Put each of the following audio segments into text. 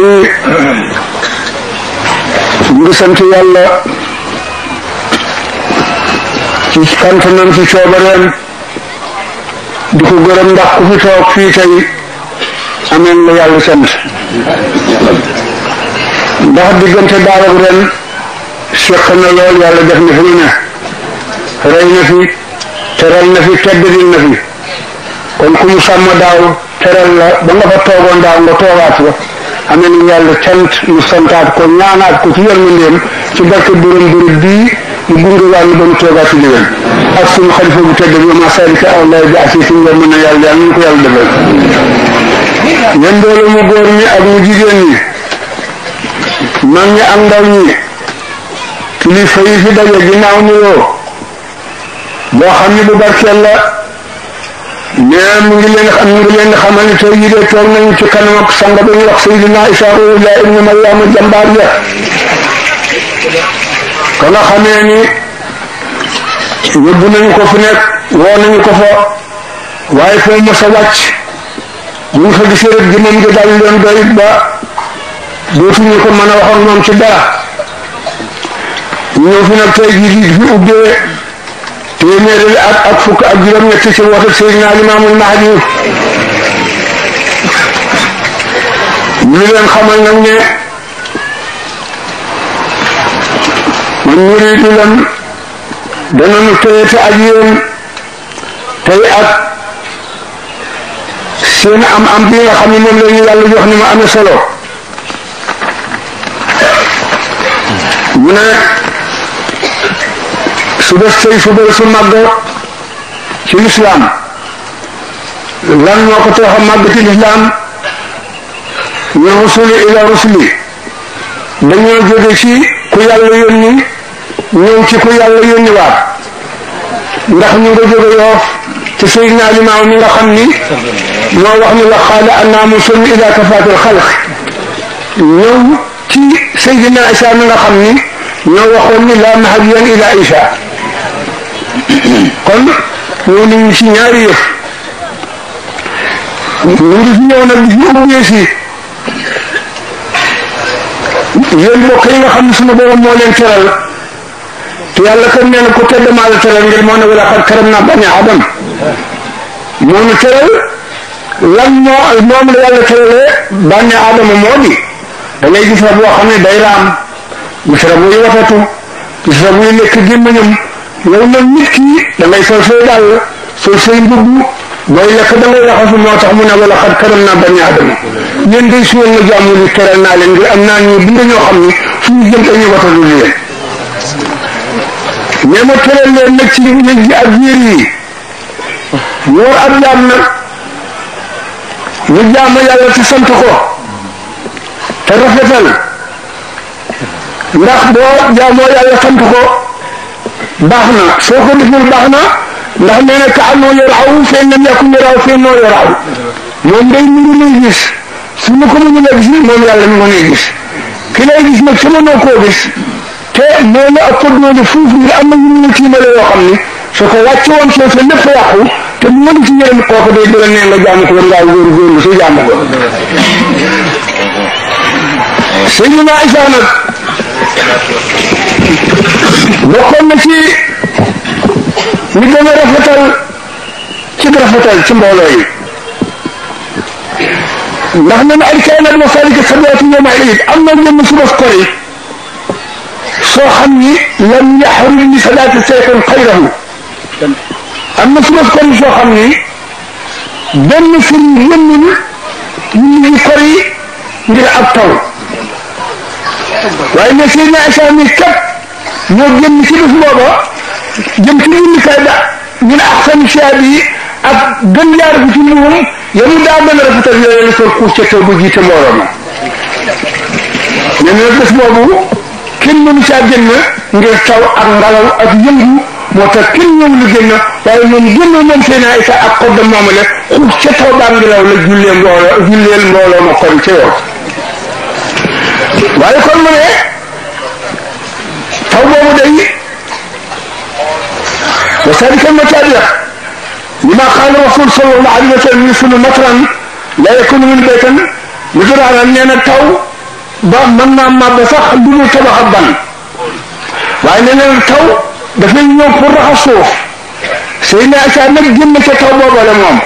yi ñu ngi sant yàlla ci kàntanam ci coobareem di ko gërëm ndax ku fi toog fii tey ameen la yàlla sant ndax diggante daaw ak ren seq na lool yàlla def na fi lu rey na fi teral na fi teddil na fi kon ku mu sàmm daaw teral la ba nga fa toogoon daaw nga toogaat ba am nañu yàlla cant ñu santaat ko ñaanaat ko ci yërmandeem ci barke borom bërëb bii mu gunge waa ñu ba mu toogaat ci déwén ak suñu xalifa bu tedd bi ma salika allah bi asi suñu war a yàlla yàlla yàlla mu góor ñi ak mu jigéen ñi mag ñi ak ndaw ñi kilifa yi fi daje ginnaaw nuyoo boo xam ne bu barkeel nee mu ngi leen xam mu ngi leen xamal ne tey jii de toog nañu ci kanam ak sang ba ñu wax Seydina Isa Ruuhullah ibn Maryam jàmbaar ja ka nga xamee ni yóbbu nañu ko fu nekk woo nañu ko fa waaye foo mos a mu bu ñu fa gisee rek jëmmam ji daal leen doy ba dootuñu ko mën a wax ak moom ci dara ñëw fi nag tey jii fi ubbee. téeméeri ak ak fukk ak juróom-ñett ci woote Seydina Limaamul Mahdi ñu leen xamal nag ne man murid ñu lan danañu téye te ak yéen tey ak seen am-am bi nga xam ne moom la ñu ni ma amee solo mu ne su def sëy su bëri su màgg ci lislaam lan moo ko tax a màgg ci lislaam min rusuli ila rusuli dañoo jóge ci ku yàlla yónni ñëw ci ku yàlla yónni waat ndax ñu nga jóge yoof ci sayidna limaaw mi nga xam ni moo wax ni wa qaala annaamu sunni ila kafaatil xalq ñëw ci sayidna isa mi nga xam ni ñoo waxoon ni la mahadiyan ila isa kon ñëw nañu si ñaari fi ñëw nag ñu ubbee si yi xam ne suñu boroom moo leen teral te yàlla kan nee na ko tedd maa la teral ngir moo ne wala karam naa bani adam moo teral lan moo ak moom la yàlla teralee bànne aadama moo di da ngay gis rab boo xam ne day raam gis rab buy yow nag nit ki da ngay sol say dàll sol say mbubb booy lekk moo tax mu ne wala xat karam naa bani adama ñeen day suwal na jàmm ni naa leen ngir am naa ñoo xam ni fu ñu jëm dañuy watatu leen mais ma teral leen nag ci yëg ji ak yéer yi woor ab jaam nag ñu jaamu yàlla ci sant ko te ndax boo jaamoo yàlla sant ko باهنا شوكو مثل باهنا لأن أنا كأنه يرعو فإن لم يكن يرعو فإنه يرعو يوم بين من يجيس سنكم من يجيس من يعلم من يجيس كلا يجيس مكتما نوكو بيس تأمين أكد من يفوف من الأمن من يتيم لا يقمني شكو واتشو وانشو فلنفا يقو تمنى بسيجي لن يقوك بيدي لن يلا جامك ورلا يزور زور سي جامك سيدنا عيسانك Thank you. bokkoon na ci li gën a rafetal ci rafetal ci mbooloo yi ndax nan arkaan ak masalik sabaati yawm al-eid am na ñenn su def kori soo xam ni lam yaxrum li salaati shay'un xayrahu am na su def kori soo xam ni benn firnd yëmmul ñu ngi kori ngir ab taw waaye ne seen Aïcha ni képp ñoo génn ci bés booba jëm ci julli kay da ñu ne axsan siyaab yi ak gën jaar bi ci mbuum yamu daa mën a rafetal yooyu la sol kuur ca taw ba jiite mbooloo ma nee na bés boobu kenn mënu caa génn ngir taw ak ngalaw ak yëngu moo tax kenn ñëwul génn waaye ñoom génnoon nañ seen ay sa ak xob da moomu ne xuus ca taw ba ngelaw la jullee mbooloo julleel mbooloo ma kon ca waaye kon mu توبة ودعي وذلك المتابع لما قال الرسول صلى الله عليه وسلم يسلم مطرا لا يكون من بيتا وجرى على أن أنا التو باب منا ما بصح بدون تبع حبا وأن أنا التو دفن يوم فرع الصوف سيدنا عيسى أنك جنة توبة ولا مام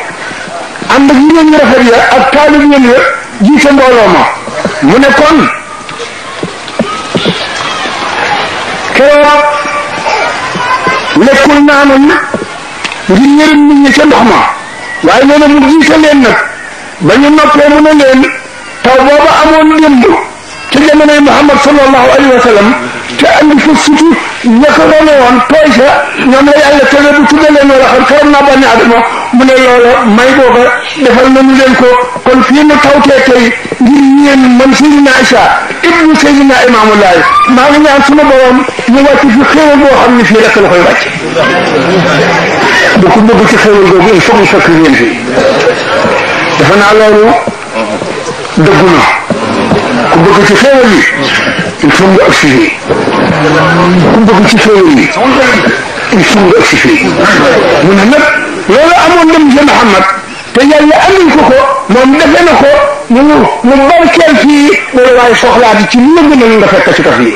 عندك من يرفع يا أبكار من يرفع جيسا بولا من منكم keroog lekkul naanuñ ngir yërëm nit ñi ca ndox ma waaye nee na mu jiite leen nag ba ñu noppee mu ne leen taw booba amoon démb ci jamonoy Muhammad sallallahu alayhi wa sallam te andi fa sutu ña ko doon woon tooy sa ñoom la yàlla tële bu tuddaleen wala xam karam naa bànni adama mu ne loola may booba defal nañu leen ko kon fii mu tawtee tey ngir yéen man Seydina Isa ibnu Seydina Imaamu Laay maa ngi ñaan suma borom ñu wàcc fi xéewal boo xam ne fii rek la koy wàcc bu ko bëgg ci xéewal googu il faut mu fekk ngeen fi dafa naa loolu dëggu na ku bëgg ci xéewal yi il faut nga agsi fii ku bëgg ci xéewal yi il faut nga agsi fii mu ne nag loolu amoon dem ci Muhammad te yàlla amuñ ko ko moom defe na ko mu mu barkeel fii wala waaye soxlaa bi ci lu la gënal nga fekk ci kaf yi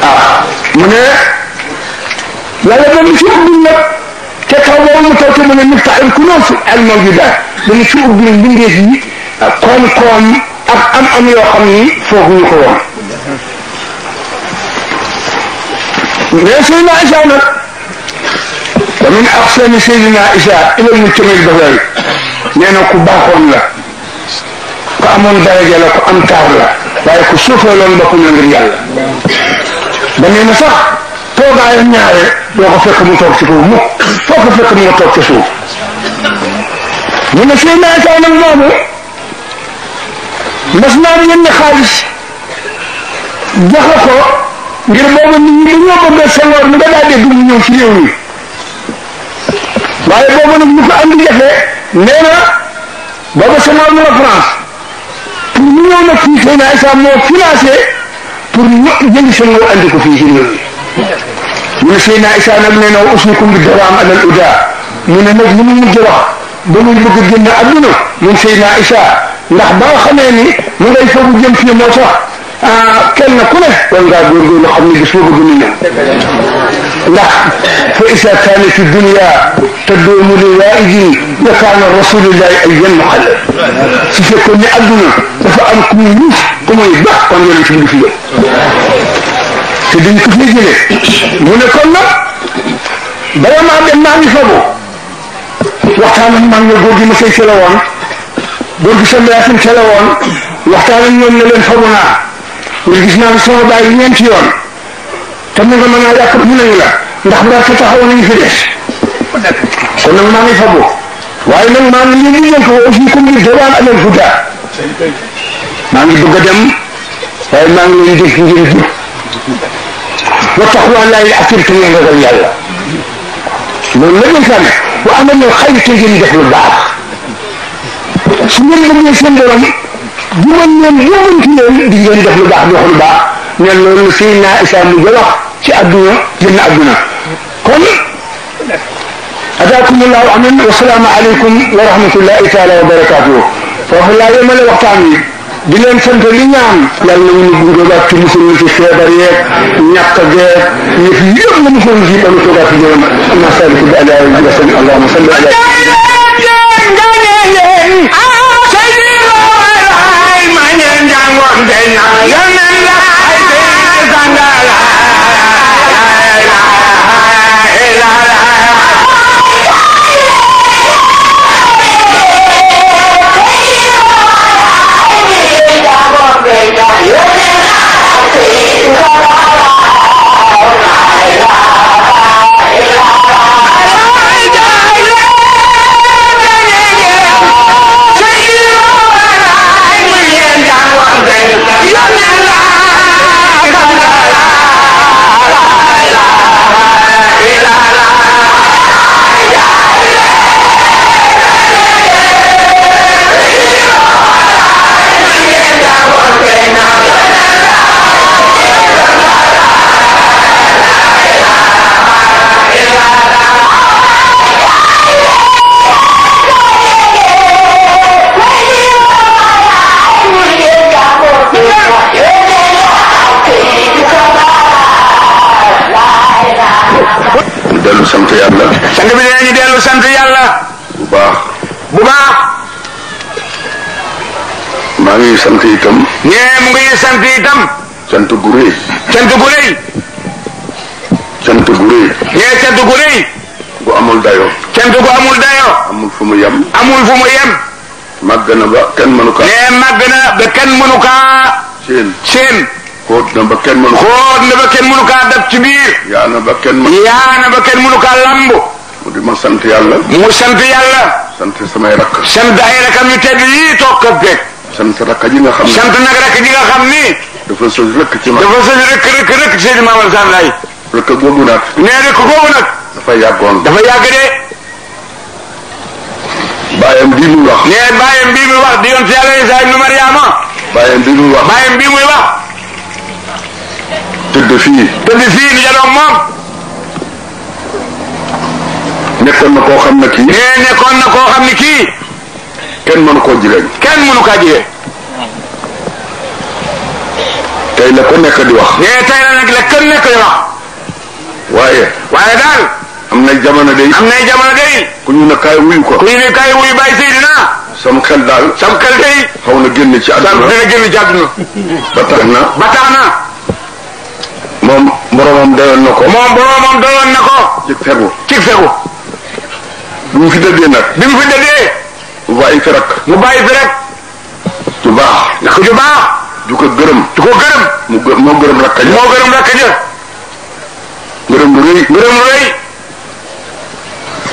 ah mu ne yàlla dañu ci ubbil nag te taw boobu mu taw te mu ne miftax il kunus al mawjudat dañu ci ubbil mbindeef yi koom-koom ak am-am yoo xam ni fooguñu ko woon mais suy naa nag wa min ahsani sayyidina Isa ilal muctamil basari nee na ku baaxoon la ku amoon daraja la ku am la waaye ku suufee loon boppam la ngir yàlla ba nee na sax toogaayam ñaare doo ko fekk mu toog ci kaw mukk foo ko fekk mu nga toog ci suuf ñu ne sayyidina Isa nag moomu mas xaalis joxe ngir boobu nit ñi dañoo bëgg a sangoor ni nga daa dégg mu ci réew waaye boobu nag ñu ko am di jafe nee na booba semence mu nga France pour ñu ñëw nag fii xëy na ISRA moo financé pour mi. ñu ne xëy na ISRA nag nee na wa bi daraam alal uda mu ne nag li mu mujj wax ba muy bëgg a génn adduna ñun xëy na ISRA ndax ba nga xamee ni mu ngay foog jëm fii moo tax ah kenn ku ne war ngaa góorgóorlu xam ne bés boo bëgg ñu ñëw. لا فإذا كانت الدنيا تدوم لوائد وكان الرسول الله أيام محل سيكون لأبنا فأركم يوسف قم يبقى قم يلتبه في يوم سيدني كفي جلي مولا كنا بلا ما عدنا عني فابو وقتان من يقول لما سيسلوان بل بسم الله سلوان وقتان من يوم نلن فابونا ويجسنا بسوا بايين يمتيون te na nga mën a yàq ñu nañu la ndax bu daal taxaw nañu fi des kon nag maa ngi fabu waaye nag maa di yëngu aussi comme ni dawaan alal huda maa ngi bëgg a dem waaye maa ngi di dégg ngeen wa taqwa laay affaire te ngeen ragal yàlla loolu la ngeen sànni bu amal na xayma te ngeen def lu baax su ngeen bëggee seen baax di wax lu baax ne loolu ci àdduna génn àdduna kon adaakumullahu amin wasalaamu aleykum wa rahmatullahi taala wa barakaatuhu foofu laa yemale waxtaan wi di leen sant li ñaan yàlla nañu ñu gungoogaat ci musul ñu ci feebar yeeg ñàkk geeg yëf yëpp la musul ñu ci ba ñu toogaat ci jërëm ana saliku bi ala wa sallam allahuma salli ala Sayyidu Ibrahima ngi sant itam. nee mu ngi sant itam. sant gu rëy. sant gu rëy. sant gu rëy. nee sant gu rëy. gu amul dayoo. sant gu amul dayoo. amul fu mu yem. amul fu mu yem. màgg na ba kenn mënu kaa. nee màgg na ba kenn mënu kaa. seen seen. xóot na ba kenn mënu. xóot na ba kenn mënu kaa dab ci biir. yaa na ba kenn mënu. yaa na ba kenn mënu kaa lamb. mu di ma sant yàlla. mu sant yàlla. sant samay rakk. sant ay rakkam yu tedd yii toog kër sant rakk ji nga xam ne sant nag rakk ji nga xam ni. dafa sëñ rëkk ci ma dafa sëñ rëkk rëkk rëkk Seydou Mamadou Sall laay. rëkk googu nag. nee rëkk googu nag. dafa yàggoon dafa yàgg de. bàyyam bii muy wax. nee bàyyam bii muy wax di yoon si yàlla Isaa ibnu Mariama. bàyyam bii muy wax bàyyam bii muy wax. tëdd fii. tëdd fii ni jaloog moom. nekkoon na koo xam ne kii. nee nekkoon na koo xam ne kii. kenn mënu koo jigéen. kenn mënu kaa jigéen. tey ko nekk di wax. mais tey la nag la kenn nekk di wax. waaye. waaye am nay jamono day. am ne kaay wuyu ko. ku ñu ne kaay wuyu Baye Seydina. sam xel daal. sam xel day. ci àdduna. sam dina ba tax na. ba tax na. moom boromam doyoon na ko. moom boromam doyoon na ko. ci fegu. ci fegu. bi mu fi dëddee nag. bi mu fi dëddee. mu bàyyi fi rek mu bàyyi fi rek ju baax ndax ju baax du ko gërëm du ko gërëm mu gë moo gërëm rakka ja moo gërëm rakka ja ngërëm lu rëy ngërëm lu rëy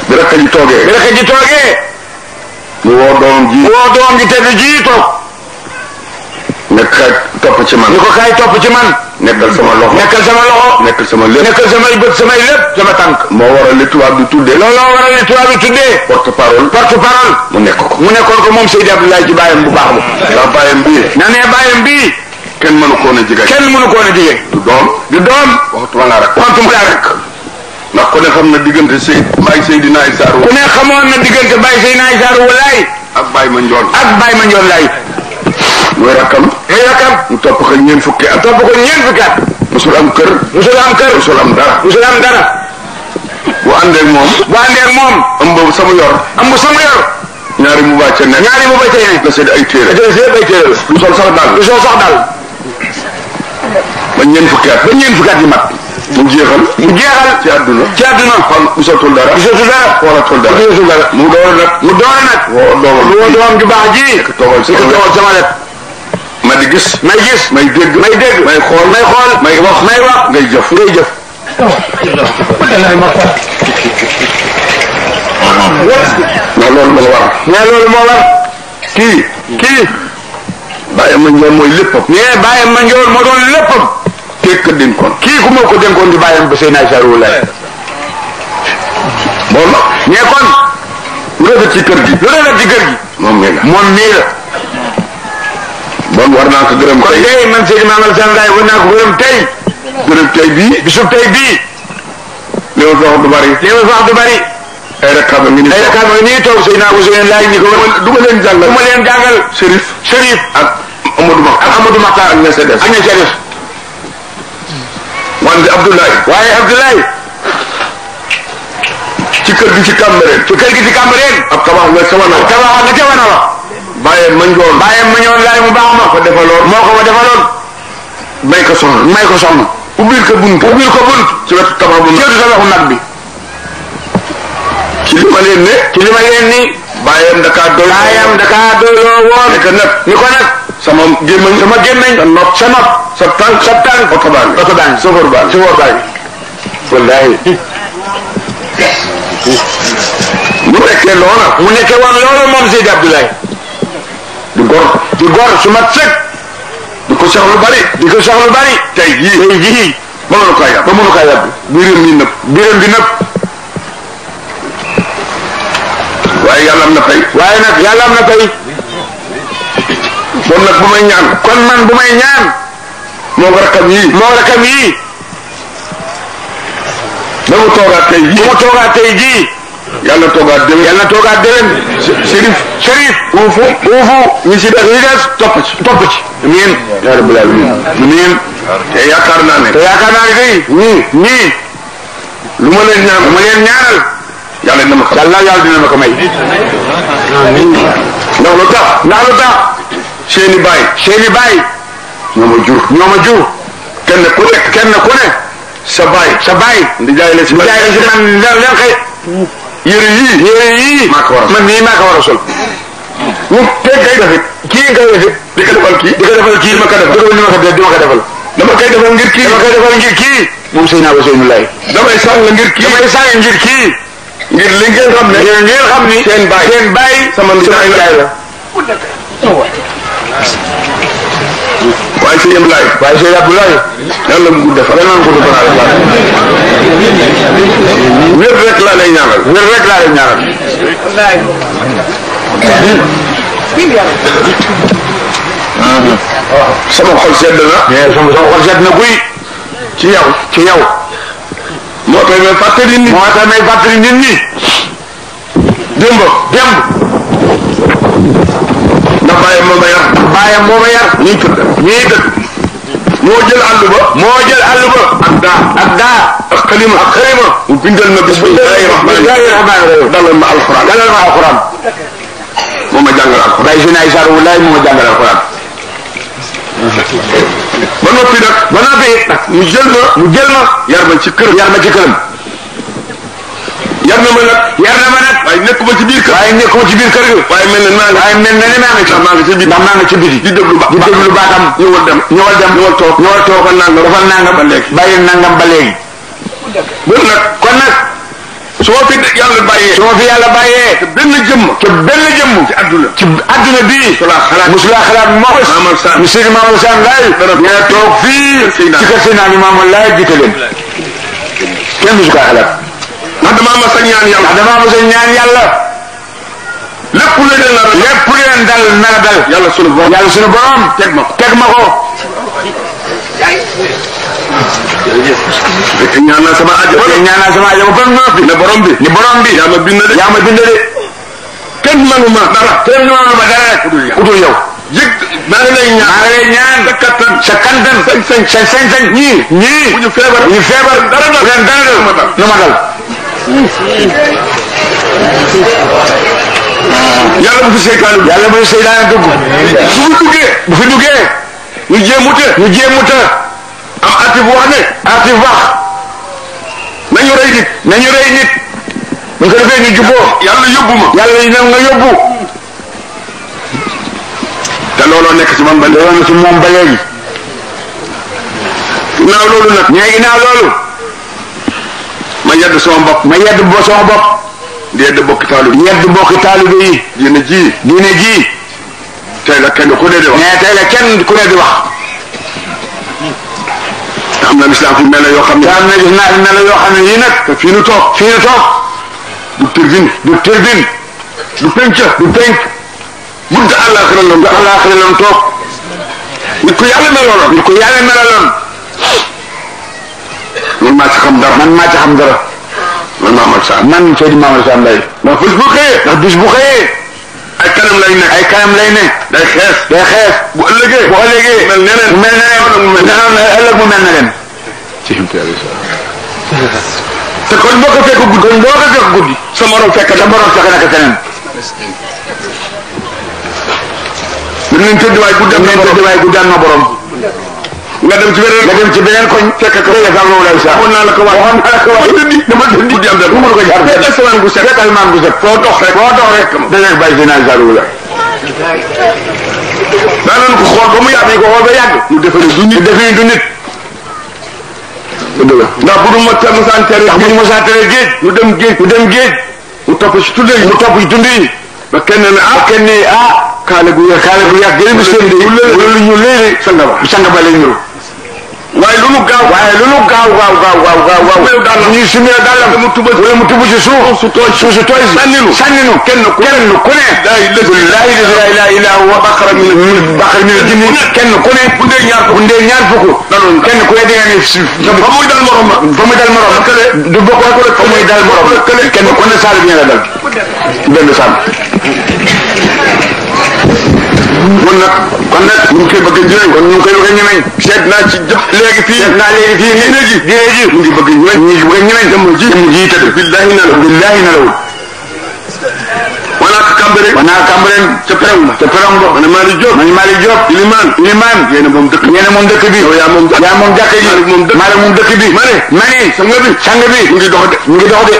bi rakka ji toogee bi rakka ji toogee mu woo doom ji woo doom ji tedd ji toog ne kaay topp ci man ni ko kaay topp ci man nekkal sama loxo nekkal sama loxo. nekkal sama lépp nekkal samay bët samay sama tànk. moo waral li tubaab bi tuddee. looloo waral li tubaab bi tuddee. porte parole porte mu nekk ko mu nekkoon ko moom Seydi Abdoulaye ci bàyyam bu baax ba. ndax bàyyam bii. na ne bàyyam bii. kenn mënu koon a jege. kenn mënu koon a jege. du doom du doom. waxtuma laa rek waxtuma laa rek. ne xam na diggante Sey Baye Seydina Issa Rouhou. ku ne xamoon na diggante Baye Seydina Issa Rouhou Laye. ak Baye Mandione. ak Baye moy rakam moy rakam mu top ko ñeen fukki at top ko ñeen fukki at musul am kër musul am kër musul am dara musul am dara bu ande ak mom bu ande ak mom am bo sama yor am bo sama yor ñaari mu bacce ne ñaari mu bacce ne la ay téré la seen ay téré lu sol sax dal lu sol sax dal ba ñeen fukki at ba ñeen fukki at yi mat mu jeexal mu jeexal ci aduna ci aduna xol gisatul dara gisatul dara xoolatul dara gisatul dara mu door nag mu door nag woo doomam woo doomam ju baax ji togal sama lep ma di gis may gis may dégg may dégg may xool may xool ngay jëf ngay jëf ndax loolu moo war mais loolu kii kii bàyyi ma njool mooy léppam mais bàyyi ma njool moo doon léppam tekk dénkoon kii ku ma ko dénkoon di bàyyam ba seen ay saru lay bon mais kon lu ci kër gi lu rafet ci kër gi moom moom mii la bon war naa ko gërëm tey kon tey man Seydou Mamadou Alassane Laye war naa ko gërëm tey. gërëm tey bii. bisub tey bii. li ma wax du bari. li ma wax du bari. ay rakkaama ngi nii toog ay rakkaama ngi nii toog Seydou Mamadou Alassane Laye ñi ko war du ma leen jàngal du ma leen jàngal. Chérif Chérif ak Amadou Makhtar ak Amadou Makhtar ak Niass Edef ak Niass Edef. wante Abdoulaye. waaye Abdoulaye. ci kër gi ci Cambérène. ci kër gi ci Cambérène. ab tabax nga ca Wanaba. ab tabax nga ca Wanaba. bàyyeem ma njoon bàyyeem ma njoon laay mu baax ma. ko defaloon moo ko ma defaloon. may ko soxna may ko soxna. ubbil ko bunt ubbil ko bunt. ci wetu tabax bu nag ci wetu tabaxu nag bi. ci li ma leen ne. ci li ma leen ni. bàyyeem dakaa doy. bàyyeem dakaa doyloo woon. ni ko nag ni ko nag. sama gémmañ sama gémmañ. sa nopp sa nopp. sa tànk sa tànk. oto baa ngi oto baa ngi sofër baa ngi sofër baa ngi. wallaahi. mu nekkee loola. mu nekkee woon loola moom Seydi Abdoulaye. di gor di gor su mat sëg di ko soxlu bari di ko soxlu bari tey yii tey yii ba mënu kaa yàbb ba mënu kaa yàbb biiram yi nëpp biiram bi nëpp waaye yàlla am na pay waaye nag yàlla am na pay moom nag bu may ñaan kon man bu may ñaan moo rakam yii rakam yii ba mu toogaat tey jii ba mu toogaat tey jii yàlla toogaat déwén yàlla toogaat déwén. Chérif Chérif. uufu uufu ñi si des ñi des topp ci topp ci. amiin yaa rabbal aalamiin amiin te yaakaar naa ne. te yaakaar naa ne tey. ñii ñii. lu ma leen ñaan ma leen ñaanal. yàlla dina ma ko may yàlla yàlla dina ma ko may. ndax lu tax ndax lu tax. seeni baay seeni baay. ñoo ma jur ñoo ma jur. kenn ku ne kenn ku ne. sa baay sa baay. ndi jaay la si man ndi jaay la si man yére yi yére yi maa ko war a man mii maa ko war a sol. mu teg kay defit kii ngay defit di kii di ko defal kii di ma ko defal di ma ko defal di ma ko defal. dama koy defal ngir kii dama koy defal ngir kii. moom sëñ Abo Seynou Laye. damay sàng ngir kii damay li ngeen xam ne ngeen ngeen ni. seen bàyyi seen bàyyi sama nijaay waaye sëñ Abdoulaye waaye sëñ Abdoulaye yàlla mu gudd fa yàlla mu gudd fa wér lay ñaanal wér rek laa lay ñaanal sama xol sedd na eh, sama xol sedd na guy ci yaw ci yow moo tax may fàttali nit moo tax may na bàyyam moo ma yar bàyyam tudd ñii dëkk moo jël àll ba moo jël àll ba ak daa ak daa ak xalima ak xalima mu bindal ma bis bismillahi rahmani rahim dalal ma alquran dalal ma alquran moo ma jàngal alquran bay sina isaar wallahi moo ma jàngal alquran ba noppi nag ba noppi mu jël ma mu jël ma yar ma ci këram yar ma ci këram yar na ma nag yar na ma nag waaye nekkuma ci biir kër waaye nekkuma ci biir kër ga waaye mel na maa ngi waaye mel na ne maa ngi ci maa ngi ci biir ndax maa ngi ci biir di déglu ba di déglu baatam ñëwal dem ñëwal dem ñëwal toog ñëwal toog nangam defal nangam ba léegi bàyyi nangam ba léegi bon nag kon nag su ma fi yàlla bàyyee su ma fi yàlla bàyyee te benn jëmm te benn jëmm ci adduna ci adduna bii su laa xalaat musu laa xalaat mos monsieur Mamadou Sane Laye nee toog fii ci kër Seydina Limaamu Laye jiite leen kenn musu kaa xalaat ndax damaa ma sa ñaan yàlla. ndax damaa ma sa ñaan yàlla. lépp lu leen nar a. lépp lu leen dal nar a dal. yàlla sunu borom yàlla sunu borom. teg ma ko teg ma ko. jërëjëf. ñaan naa sama aajo. ñaan naa sama aajo ba noppi. ne borom bi ne borom bi. yaa ma bind de yaa ma bind de. kenn mënu ma dara. kenn mënu ma dara rek. udul yow udul yow. yëg maa ngi lay ñaan maa ngi lay ñaan sa kattan sa kattan sañ sañ sañ sañ ñii ñii bu ñu feebar bu ñu feebar dara dal bu leen dara dal nu ma dal yàlla bu fi seytaane yàlla bu fi seytaane dugg su fi duggee bu fi duggee ñu jéemuta ñu jéemuta am artif wax ne artif wax nañu rey nañu rey nit bu ko defee ñu juboo yàlla yóbbu ma yàlla yi nam nga yóbbu te looloo nekk ci moom ba looloo ci moom ba léegi ginnaaw loolu nag ñee ginnaaw loolu ma yedd sama bopp ma yedd bo sama bopp di yedd bokki taalibe yedd bokki taalibe yi diine ji diine ji tey la kenn ku ne di wax mais tey la kenn ku ne di wax am na lislaam fi mel yoo xam ne am na gis naa fi mel yoo xam ne yii nag te fii nu toog fii nu toog du turbine du turbine du penc du penc budd àllaaxira lam àllaaxira lam toog nit ko yàlla meloon nit ko yàlla meloon man maa ci xam dara. man maa ci xam dara. man Maam Mor Sarr. man Seydou Maam Mor Sarr Mbaye. ndax bés bu xëyee. ndax bés bu xëyee. ay kanam lay ne. ay kanam lay ne. day xees. day xees. bu ëllëgee. bu ëllëgee. mel neneen mu mel neneen. mu mel neneen ëllëg mu mel neneen. ci yëngu yàlla te kon boo ko fekk guddi. kon boo ko fekk guddi. sa morom fekk sa morom fekk na ko feneen. mën nañ tëdd waay guddi am na borom mën nañ tëdd waay guddi am na borom. nga dem ci beneen nga dem ci beneen koñ fekk ko ya sax loolu lay sax mën naa la ko wax waxoon naa la ko wax dëndi dama dëndi di am dal mënu ko jaar fekk semaine bu set fekk almaan bu set foo dox rek foo dox rek da ngay bàyyi dina jaru la daa doon ko xool ba mu yàgg ko xool ba yàgg mu defee du nit defee du nit ndax bu du ma te mosaan tere ndax bu du mosaan tere géej ñu dem géej ñu dem géej mu topp ci tund yi mu topp ci tund yi ba kenn ne ah kenn ne ah kaale gu yàgg kaale gu yàgg gën a seen de loolu ñu léegi sanga ba sanga ba lay ñëw waaye lu nu gaaw waaye lu nu gaaw gaaw gaaw gaaw gaaw gaaw ñuy sumee dàllam mu tuba wala mu tuba ci suuf su tooy suuf su tooy si sànninu sànninu kenn ku kenn ku ne laa ilaaha illaa huwa baqara min baqara min jinni kenn ku ne bu ndee ñaar fukk bu ndee ñaar fukk kenn ku ne dinga ne fa muy dal morom fa muy dal morom du bokk ak fa muy dal morom kenn ku ne saal bi nga dal benn saal mun nag kon nag ñu ngi koy bëgg a jëmeñ ñu ngi koy bëgg a naa ci jox léegi fii seet naa léegi fii diine ji diine ji ñu ngi bëgg a a ñemeñ jëmm ji jëmm ji tëdd billaahi nelaw billaahi nelawul wala kambare wana kambaren ca perong ba ca perong ba man moom dëkk yéen dëkk bi yaa moom yaa moom jàkka ji Malick moom dëkk bi ma ne ma ne sang bi sang bi ngi dox de ñu ngi dox de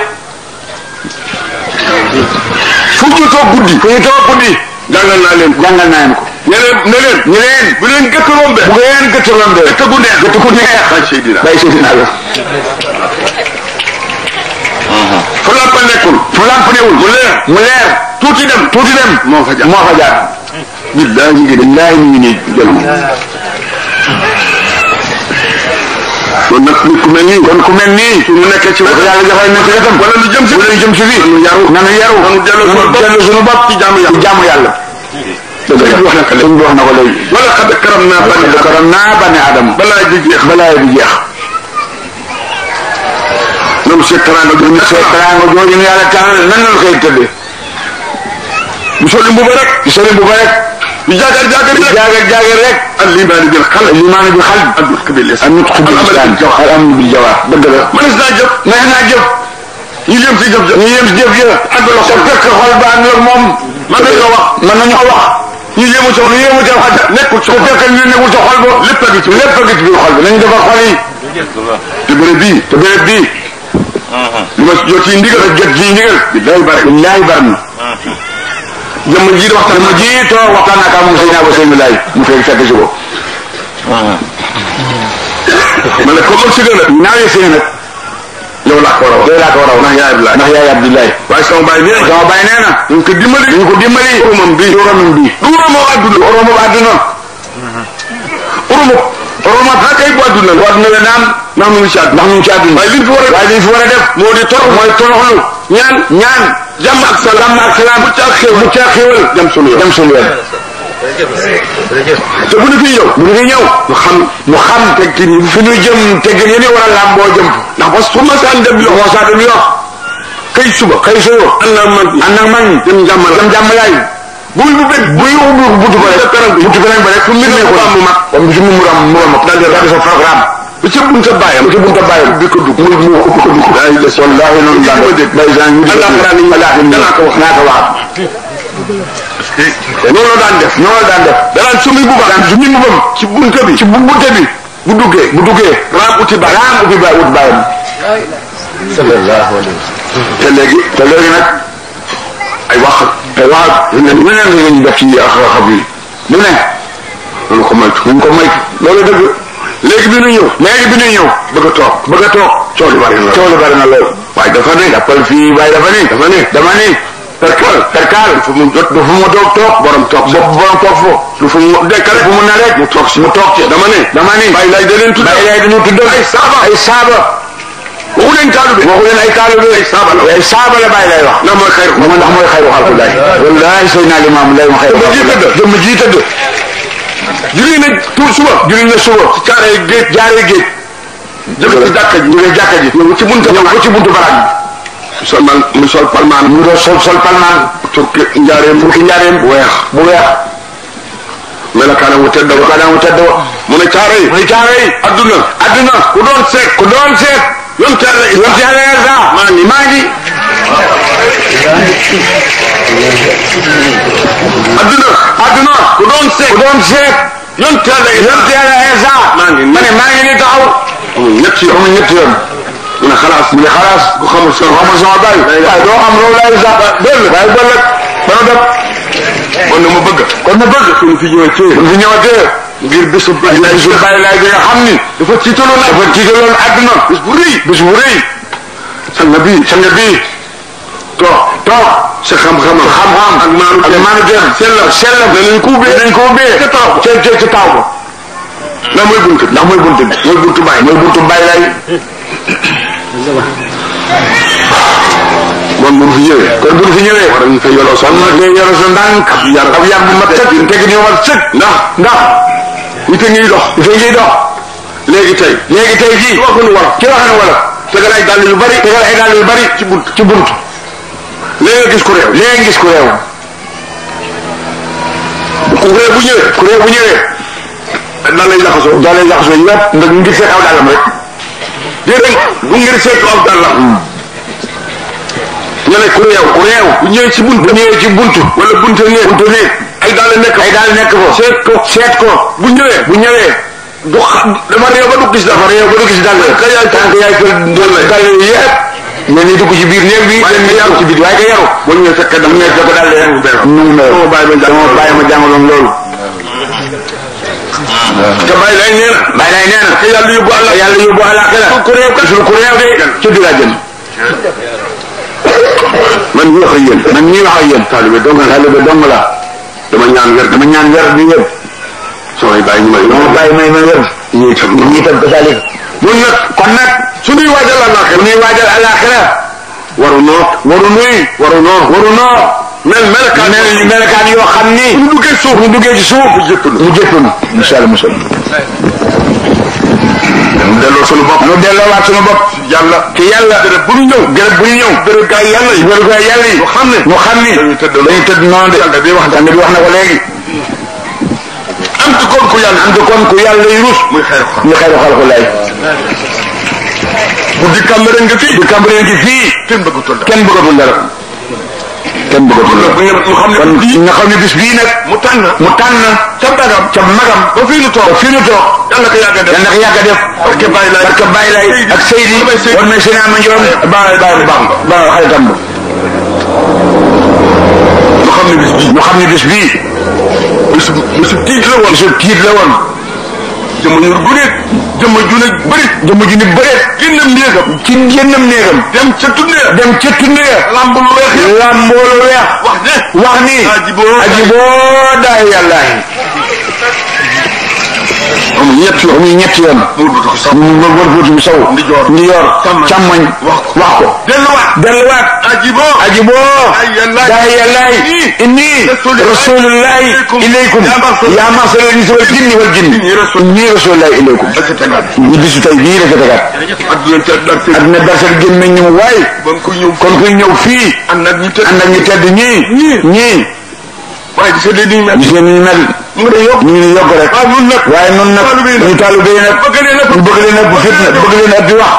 guddi fu ñu guddi jàngal naa leen ko naa leen ko. ne leen ne leen. ne leen bu leen gëtt rombe. bu leen gëtt rombe. gëtt gu neex gëtt gu neex. bàyyi Seydina bàyyi Seydina la. fu làmp nekkul. fu làmp newul. mu leer mu leer. tuuti tuuti dem. moo fa jaar moo fa jaar. billaahi ngi billaahi ngi nii jël moom. ku mel nii. mu nekkee ci wàllu yàlla dafay nekk ci wetam. wala lu jëm si wala lu jëm si fii. nanu yaru nanu yaru. nanu dellu suñu bopp nanu dellu suñu bopp ci jaamu yàlla. ci jaamu yàlla. تنبوح نقولي ولا قد كرمنا بني آدم كرمنا بني آدم بلا يجي أخ بلا يجي أخ لو شكران لو شكران لو جوجي نيالا كان من الخير تبي مسلم مبارك مسلم مبارك جاجر جاجر جاجر جاجر رك الإيمان بالقلب الإيمان بالقلب النطق باللسان النطق باللسان الأمن بالجوارح بدل ما نستجب ما نعجب يلم في جب جب يلم في جب جب عبد الله خلقك خلبان لك مم ما نجوا ما نجوا ñu yéemu ci ñu yéemu ci xaj nekkul ci xol fekkal ñu nekkul ci xol lépp a ngi ci lépp a ngi ci biir xol bi nañu defar xol yi te béréb bii te béréb bii uh-huh. li ma jot yi ndigal ji ndigal billahi bari billahi bari na uh-huh. jëmm ji di waxtaan ma ji toog waxtaan naa kaa moom sëñ naa ba sëñ bi laay mu fekk fekk si ko uh-huh. ma ne comme si gën a ñaawee sëñ nag yow laa ko war a wax yow laa ko war a wax ndax yaay Abdoulaye ndax yaay Abdoulaye waaye sama baay bi sama baay nee na ñu ko dimbali ñu ko dimbali urumam bi urumam bi du urumoo àdduna urumoo àdduna urumoo urumoo xaa kay bu àdduna bu àdduna la naam ndax ñu ngi ci àdduna ndax ñu ngi ci àdduna waaye li ñu fi war a waaye li ñu fi war a def moo di torox mooy toroxlu ñaan ñaan jàmm ak salaam jàmm ak salaam bu caa xéwal bu caa xéwal dem sunu yoon dem sunu yoon te bu ñu fi ñëw bu ñu fi ñëw mu xam mu xam teggin yi fi ñu jëm teggin yi ni war a làmboo jëm ndax ba su ma saan dem yoo saa dem yoo xëy suba xëy suba ànd ak man ànd ak man dem jàmm dem jàmm yaay bu bu bëgg bu yow bu butu ko rek butu ko rek ba rek fu mbir ne ko mu mag wam ci mu muram mu mag dal dal sa programme bu ci bunta bayam ci bunta bayam bi ko dug mu mu ko ko dug wallahi non la bay jang ni la ko wax na ko wax te loolu la daan def noonu la daan def danaan sumi bu baax sumi bu bam ci bunte bi ci bunte bi bu duggee bu duggee raam uti ba raam uti ba ut bàyyam sallallahu alayhi te léegi te léegi nag ay wax ay wax lu ne lu ne nga ñu def ci xam-xam yi lu ne nañ ko moytu nañ ko moytu loolu dëgg léegi bi nu ñëw léegi bi nu ñëw bëgg a toog bëgg a toog coow bari na lool coow li bari na lool waaye dafa ne jàppal fii dafa ne dafa ne dama perkal perkal fu mu jot du fu mu doog toog borom toog bopp borom toog fo du fu mu dekk rek fu mu ne rek mu toog si mu toog ci dama ne dama ne bàyyi lay da leen tudd bàyyi lay dañu tudd ay saaba ay saaba waxu leen taalu bi waxu leen ay taalu bi ay saaba la ay saaba la bàyyi lay wax ndax mooy xayru moom ndax mooy xayru xalku laay wallahi sëy naa limaam lay ma xayru jii tëdd jëmm jii tëdd julli na tuur suba julli na suba ci caaree géej jaaree géej jëm ci jàkka ji ñu ngi jàkka ji ñëw ci buntu ñëw ci buntu baraag bi sol man mu sol palmaan. mu doon sol sol palmaan. turki njaareem turki njaareem. bu weex bu weex. melokaanam wu tedd wa melokaanam wu tedd wa. mu ne caare yi mu ne caare yi. adduna adduna. ku doon seet ku doon seet. yoon teel a yoon teel a yàlla maa ngi maa ngi. adduna. adduna. ku doon seet ku doon seet. yoon teel a yoon teel a yàlla maa ngi ma ne maa ngi ni taxaw. ñetti yoon ñetti yoon. انا خلاص اللي خلاص خمس شهور خمس وضعي فايدو امره لا يزعب بل فايدو لك فايدو كنا مبقى ما بقى كنا في جواتيه كنا في جواتيه غير بس لا لا بسب الله يزوق على الله يرحمني دفتيتلون دفتيتلون عدنا بسبوري بسبوري سنبي سنبي تو تو سخم خم خم خم المانو جن سلم سلم للكوبي للكوبي كتاب كتاب كتاب لا ما يبون كتاب لا ما يبون كتاب ما يبون كتاب ما يبون كتاب moom bu ñu fi ñëwee. kon bu ñu fi ñëwee. war nañu fa yoroo sa ndànk. war nañu yoroo sa ndànk. yar ab yar bu mat sëkk. teg ñu mat sëkk. ndax ndax. ñu te ñuy dox. ñu te ñuy dox. léegi tey. léegi tey jii. ci waxuñu wala ci waxuñu wala. tegal ay dàll yu bari. tegal ay dàll yu bari. ci bunt ci bunt. léegi gis ku réew. léegi gis ku réew. ku réew bu ñëwee. ku réew bu ñëwee. dàll yi jaxasoo. dàll yi jaxasoo yëpp. ndax ñu ngi seet aw dàllam rek. déedéet bu ngeen seetu ab dàll la ñu ne ku réew ku réew bu ñëwee ci bunt bu ñëwee ci bunt wala buntu néeg buntu néeg ay daal nekk ay daal nekk ko seet ko seet ko bu ñëwee bu ñëwee du xam dama réew ba du gis dafa réew ba du gis dàll ka yaay tànk yaay ko doon la dàll yépp mais ñuy dugg ci biir néeg bi waaye nga yaru ci biir waaye nga yaru boo ñëwee fekk dama nekk ko daal di yaru bu beew nu mu mel dama bàyyi ma jàngaloon loolu te Baye Laye nee na. Baye Laye nee na. te yàlla yóbbu àll. te yàlla yóbbu àllaaxira. gisul ku réew kat ku réew de. man mii wax ak yéen. man mii wax ak yéen. taalibe dong la taalibe dong la. dama ñaan wer dama ñaan wer bi yëpp. soo bàyyi ñu may. ma bàyyi may ma wer. ñii itam ñii itam kasaalika. ñun waajal àllaaxira. suñuy waru noo. waru nuy. waru noo. waru noo. mel melakaan mel melakaan yoo xam ni bu duggee suuf bu duggee ci suuf mu jëpp mu jëpp incha allah musal ñu delloo sunu bopp ñu delloo waat sunu bopp yàlla ci yàlla gërëb bu ñu ñëw gërëb bu ñu ñëw gërëb gaay yàlla yi gërëb gaay yàlla yi ñu xam ne ñu xam ni dañuy tëdd dañuy tëdd noonu de yàlla bi wax na bi wax na ko léegi am ci kon ku yàlla am ci kon ku yàlla yi rus muy xeeru xal muy xeeru xal ko lay bu di kàmbareen nga fii di kàmbareen nga fii kenn bëggatul dara kenn bëggatul dara kenn du ko kon nga xam ne bis bii nag mu tànn mu tànn ca dagam ca magam ba fii nu toog ba fii nu toog yàlla ko yàgg def yàlla ko yàgg def barke bàyyi lay barke bàyyi lay ak seydi war na seen ama njoom bàyyi bàyyi baax ba xaritam ba ñu xam ne bis bii ñu xam ne bis bii bisu bisu tiit la woon bisu tiit la woon jëmm ñu gunéet jëmm ju ne bëri jëmm ju ne bëri génnam néegam ci génnam néegam dem ca tunde ya dem ca tunde ya lamb lu weex lamb lu weex wax ne wax ni ajiboo daay yàllaahi amul ñett yoon amul ñett yoon. wër bu sow. ndijoor càmmoñ wax ko. delluwaat delluwaat. ajiboo ajiboo. daa yàllaay inni rasulullahi ilaykum yaa masal nit wal jinni wal jinni inni rasulullahi ilaykum. ñu bisu tey bii rek a tegaat. adduna berset gémmeñ ñu waay. kon kuy ñëw fii. ànd ak ñu tedd ñii. ñii. waaye gis nga ni ñu mel. ñu ngi lay yokk ñu ngi lay yokk rek waaye nun nag ñu taalibe yi nag ñu bëgg leen a fitna bëgg leen a di wax.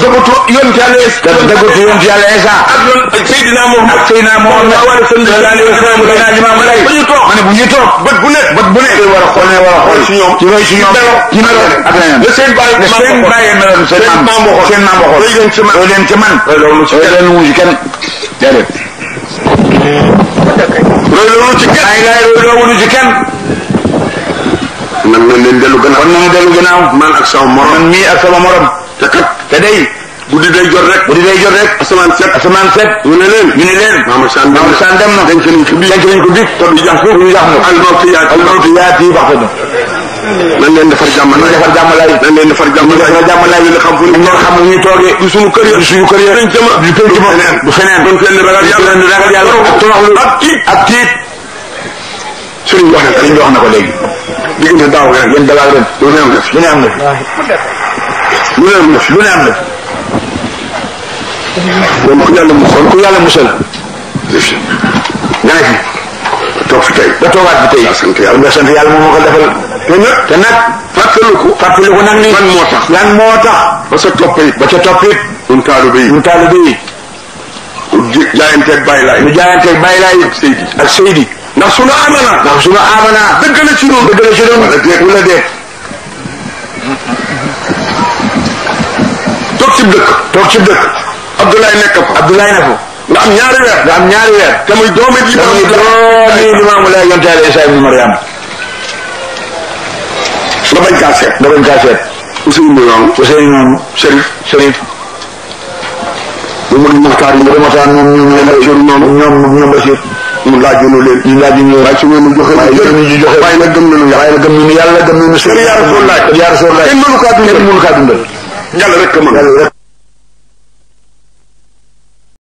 dëggatu yonent yàlla Isa. dëggatu yonent yàlla Isa. ak Seydina Muhammad ak Seydina Muhammad ma ne bu ñuy toog bët bu nekk bët bu nekk war a xool ne war a xool ci ñoom ci ñoom ci melo ak leneen le seen bàyyi meloon seen maam waxoon seen maam waxoon looy leen ci man looy leen ci man looy leen wuyu kenn déedéet loolu loolu ci kenn ay laay loolu loolu ci kenn man na leen dellu gannaaw man na dellu gannaaw man ak sama morom man mii ak sama morom te kat te day guddi day jot rek guddi day jot rek asamaan set asamaan set ñu ne leen ñu ne leen maama Sane dem na maama Sane dem na denc nañ ko bi denc nañ ko bi to du jax ñu jax na al mawti yaati al mawti yaati wax na nan leen defar jàmmalaay defar jàmmalaay nan leen defar jàmmalaay defar jàmmalaay ñu xam fu ñu xam fu ñu toogee du suñu kër du suñu kër ya du jëma du jëma du feneen kon feneen ragal yàlla du ragal yàlla ak toroxlu ak tiit ak tiit sëriñ wax na sëriñ wax na ko léegi diggante daaw rek yéen dalal ren lu ne am na lu ne am na lu ne am na lu ne am na moom ku yàlla musal ku yàlla musal. nga ne fi. toog fi tey ba toogaat bi tey. sant yàlla nga sant yàlla moom moo ko defal. te nag te nag. fàttaliku. fàttaliku nag ni lan moo tax lan moo tax. ba sa topp it ba ca topp it. ñun taalibe yi ñun taalibe yi. di jaayanteeg bàyyi laay. ñu jaayanteeg bàyyi laay. ak Seydi ak Seydi. ndax sunu amana. ndax sunu amana. dëgg la ci noonu. dëgg la ci noonu. wala déet wala déet. toog ci dëkk. toog ci dëkk. Abdoulaye nekk fa. Abdoulaye ne fa. am ñaari weer. nga am ñaari weer. te muy doomi limaamu doomi limaamu laay yonte yàlla Isaa ibnu Maryam. nga bañ kaa seet. nga bañ kaa seet. Ousseynou Mbiroon. Ousseynou mu Maxtaar yi. bu Maxtaar ñoom ñoom ñoom ñoom ñoom Bachir. mu laajoon leen. ñu laajoon leen. waaye su gëm nañu yàlla. waaye nag gëm yaa rasul laaj. yaa rasul laaj.